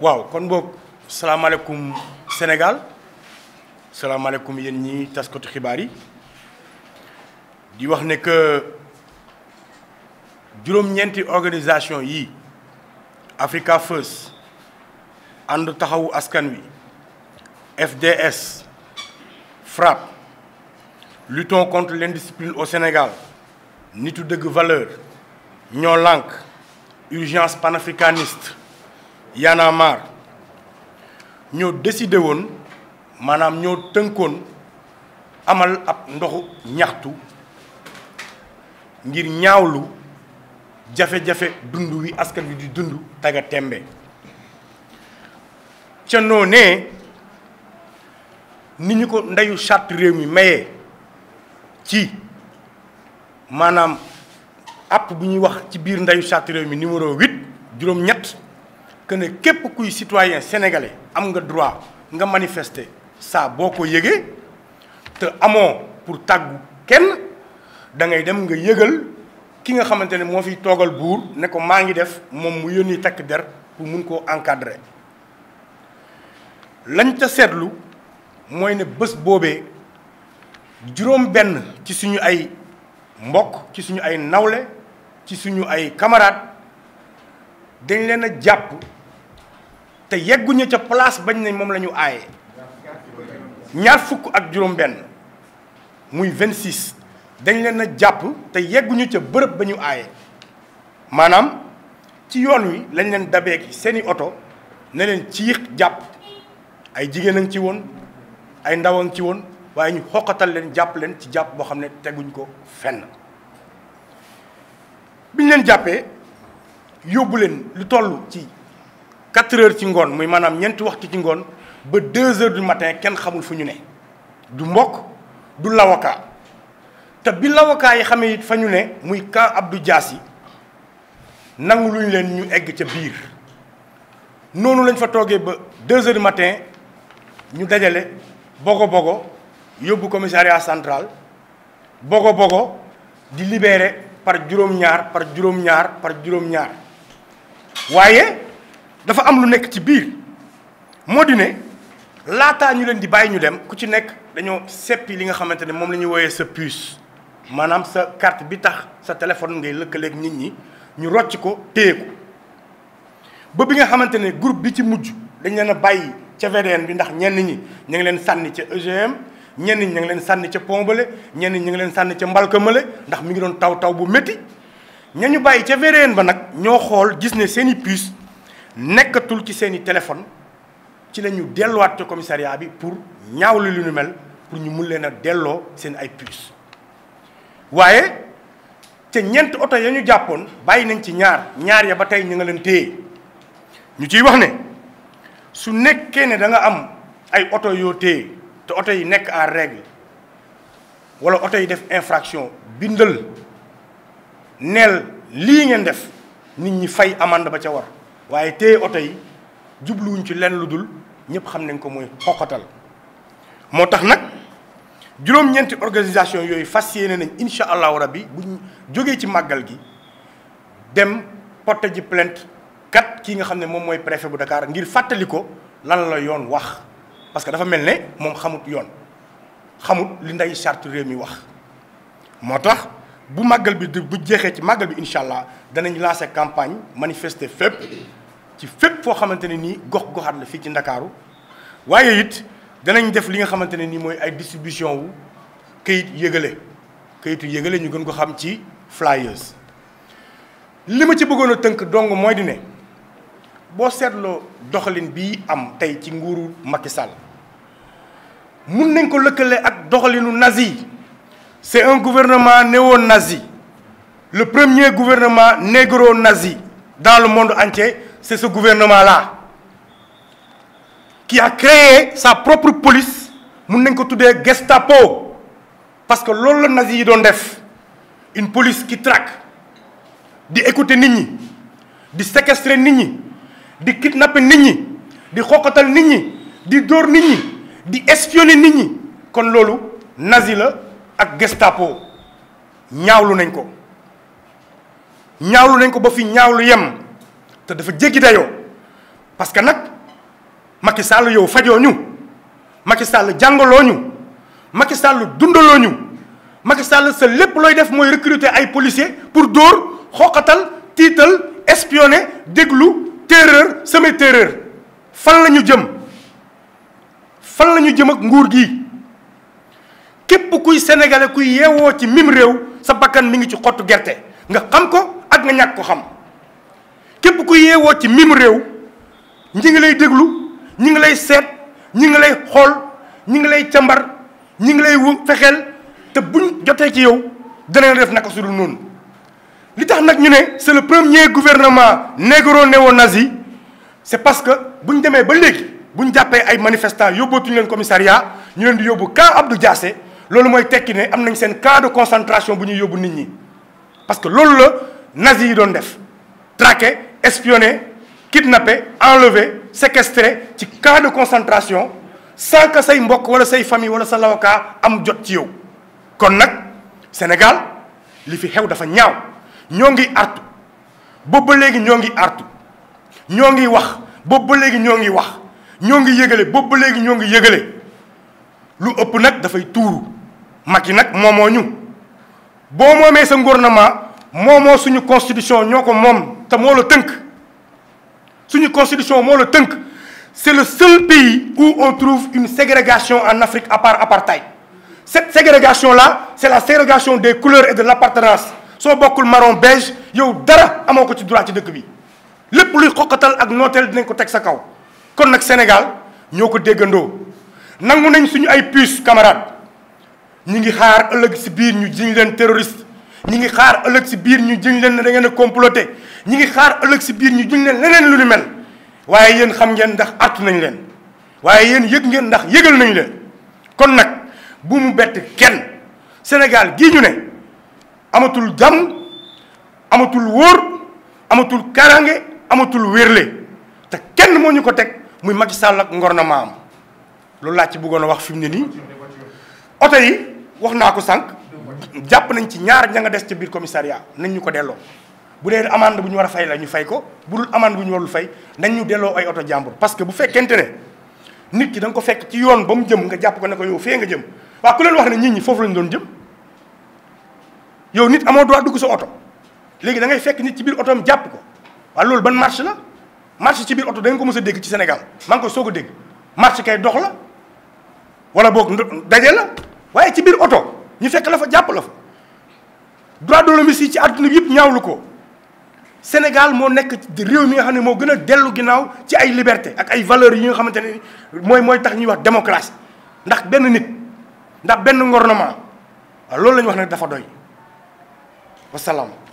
waaw kon boog salaamaaleykum Sénégal salaamaaleykum yéen ñi taskatu xibaar yi di wax ne que juróom-ñeenti organisation yi Africa First ànd taxawu askan wi FDS FRAPP luttons contre l'indiscipline au Sénégal nitu dëgg valeur ñoo lànk urgence panafricaniste Y'en a marre ñoo décidé woon maanaam ñoo tënkoon amal ab ndoxu ñaxtu ngir ñaawlu jafe-jafe dund wi askan wi di dund taga tembe ca noonee ni ñu ko ndeyu charte réew mi mayee ci maanaam app bu ñuy wax ci biir ndeyu charte réew mi numéro huit juróom-ñett que ne képp kuy citoyen sénégalais am nga droit nga manifester saa boo ko yëgee te amoo pour tàggu kenn da ngay dem nga yëgal ki nga xamante ne moo fi toogal buur ne ko maa ngi def moom mu yónni takk der pour mun koo encadrer lañ ca seetlu mooy ne bés boobee juróom-benn ci suñu ay mbokk ci suñu ay nawle ci suñu ay camarades dañ leen a jàpp te yegguñu ca place bañ nañ moom lañu ñu aaye ñaar fukk ak juróom-benn muy 26 dañ leen a jàpp te yegguñu ca bërëb ba ñu aaye maanaam ci yoon wi lañ leen dabeeki seeni oto ne leen ciix jàpp ay jigéen a ngi ci woon ay ndaw a ngi ci woon waaye ñu xoqatal leen jàpp leen ci jàpp boo xam ne teguñ ko fenn biñ leen jàppee yóbbu leen lu toll ci. quatre heures ci ngoon muy maanaam ñeenti waxtu ci ngoon ba deux heures du matin kenn xamul fu ñu ne du mbokk du lawakaa te bi lawakaa yi xamee it fa ñu ne muy camp Abdou jaas yi nangu luñ leen ñu egg ca biir noonu lañ fa toogee ba deux heures du matin ñu dajale bogo bogo yóbbu commissariat central bogo bogo di libéré par juróom-ñaar par juróom-ñaar par juróom-ñaar waaye dafa am lu nekk ci biir moo di ne laataa ñu leen di bàyyi ñu dem ku ci nekk dañoo seppi li nga xamante ne moom la ñuy wooyee sa puce manaam sa carte bi tax sa téléphone ngay lëkkaleeg nit ñi ñu rocc ko téye ko ba bi nga xamante ne groupe bi ci mujj dañ leen a bàyyi ca VDN bi ndax ñenn ñi ñu ngi leen sànni ca EGM ñenn ñi ñu ngi leen sànni ca Pombale ñenn ñi ñu ngi leen sànni ca Mbalkamale ndax mi ngi doon taw taw bu métti ña ñu bàyyi ca VDN ba nag ñoo xool gis ne seen i puce nekkatul ci seen i téléphone ci la ñu delluwaat ca commissariat bi pour ñaawlu lu nu mel pour ñu mun leen a delloo seen ay puces waaye ca ñeent oto ya ñu jàppoon bàyyi nañ ci ñaar ñaar ya ba tey ñu nga leen téye ñu ciy wax ne su nekkee ne danga am ay oto yoo téye te oto yi nekk en règle wala oto yi def infraction bindal neel lii ngeen def nit ñi fay amande ba ca war waaye te oto yi jubluwuñ ci lenn lu dul ñëpp xam nañ ko mooy xoqatal moo tax nag juróom-ñeenti organisation yooyu fas yéene nañ incha allahu rabbi buñ jógee ci màggal gi dem porté ji plainte kat kii nga xam ne moom mooy préfet bu Dakar ngir fàttali ko lan la yoon wax parce que dafa mel ne moom xamut yoon xamut li nday charte mi wax moo tax bu màggal bi bu jeexee ci màggal bi incha allah danañ lancer campagne manifester fépp ci fépp foo xamante ne nii gox goxaat na fii ci ndakaaru waaye it danañ def li nga xamante ne nii mooy ay distribution wu këyit yégale këyitu yëgale ñu gën ko xam ci flyers li ma ci bëggoon a tënk dong mooy di ne boo seetloo doxalin bii am tey ci nguuru Macky Sall mun nañ ko lëkkale ak doxalinu nazi c'est un gouvernement néo-nazi le premier gouvernement négro-nazi dans le monde entier c'est ce gouvernement-là qui a créé sa propre police mun nañ ko tuddee Gestapo parce que loolu la nazi yi doon def une police ki traque di écouter nit ñi di séquestrer nit ñi di kidnapper nit ñi di xoqatal nit ñi di dóor nit ñi di espionner nit ñi kon loolu nazi la ak Gestapo ñaawlu nañ ko ñaawlu nañ ko ba fi ñaawlu yem te dafa jéggi dayoo parce que nag Macky Sall yow fajoo ñu Macky Sall jàngaloo ñu Macky Sall ñu Macky Sall sa lépp looy def mooy recruter ay policiers pour dóor xoqatal tiital espionner déglu terreur semer terreur fan la ñu jëm fan la ñu jëm ak nguur gi képp kuy sénégalais kuy yeewoo ci mim réew sa bakkan mi ngi ci xottu gerte nga xam ko ak nga ñàkk ko xam. ku yeewoo ci mim réew ñi ngi lay déglu ñi ngi lay seet ñi ngi lay xool ñi ngi lay càmbar ñi ngi lay fexeel te buñ jotee ci yow danañ def naka su dul noonu li tax nag ñu ne c'est le premier gouvernement négro-néo-nazi c'est parce que bu ñu demee ba léegi ñu jàppee ay manifestants yóbbootuñu leen commissaria ñu leen di yóbbu camp Abdou Diassé loolu mooy tekki ne am nañ seen cas de concentration bu ñuy yóbbu nit ñi parce que loolu la nazi yi doon def traqué espionné kidnappé enlevé séquestré ci camp de concentration sans say mbokk wala say famille wala sa lawkaa am jot ci yow kon nag Sénégal li fi xew dafa ñaaw ñoo ngi artu boobu ba léegi ñoo ngi artu ñoo ngi wax boobu ba léegi ñoo ngi wax ñoo ngi yëgale boobu ba léegi ñoo ngi yëgale lu ëpp nag dafay tuuru yi nag moomoo ñu boo moomee sa gouvernement moomoo suñu constitution ñoo ko moom te moo tënk suñu constitution moo tënk c'est le seul pays où on une ségrégation en Afrique à part apartheid cette ségrégation là c'est la ségrégation des couleurs et de soo bokkul marron beige yow dara amoo ko ci droit ci dëkk bi lépp luy xoqatal ak nooteel dinañ ko teg sa kaw kon nag Sénégal ñoo ko déggandoo nangu nañ suñu ay puces camarades ñu ngi xaar ëllëg si biir ñu jiñ leen terroriste ñi ngi xaar ëllëg si biir ñu jëñ leen ne da ngeen a comploté ñi ngi xaar ëllëg si biir ñu jëñ leen leneen lu ni mel waaye yéen xam ngeen ndax artu nañ leen waaye yéen yëg ngeen ndax yëgal nañu leen kon nag bu mu bett kenn Sénégal gii ñu ne amatul jàmm amatul wóor amatul karange amatul wérle te kenn moo ñu ko teg muy Macky Sall ak ngornement am loolu laa ci bëggoon a wax fi mu ne nii oto yi wax naa ko sànq jàpp nañ ci ñaar ña nga des ca biir commissariat nañ ñu ko delloo bu dee amande bu ñu war a fay la ñu fay ko bu dul amande bu ñu warul fay nañ ñu delloo ay oto jàmbur parce que bu fekkente ne nit ki da ko fekk ci yoon ba mu jëm nga jàpp ko ne ko yow fee nga jëm waa ku leen wax ne nit ñi foofu lañ doon jëm yow nit amoo droit dugg sa oto léegi da ngay fekk nit ci biir otoom jàpp ko waaw loolu ban marche la marche ci biir oto da ko mës a dégg ci Sénégal maa ko soog a dégg marche kay dox la wala boog daje la waaye ci biir oto. ñu fekk la fa jàpp la fa droit de l'homme yi ci àdduna bi yëpp ñaawlu ko Sénégal moo nekk réew mi nga xam ne moo gën a dellu ginnaaw ci ay liberté ak ay valeur yi nga xamante ne mooy mooy tax ñuy wax démocratie ndax benn nit ndax benn ngornement waaw loolu la wax ne dafa doy wasalaam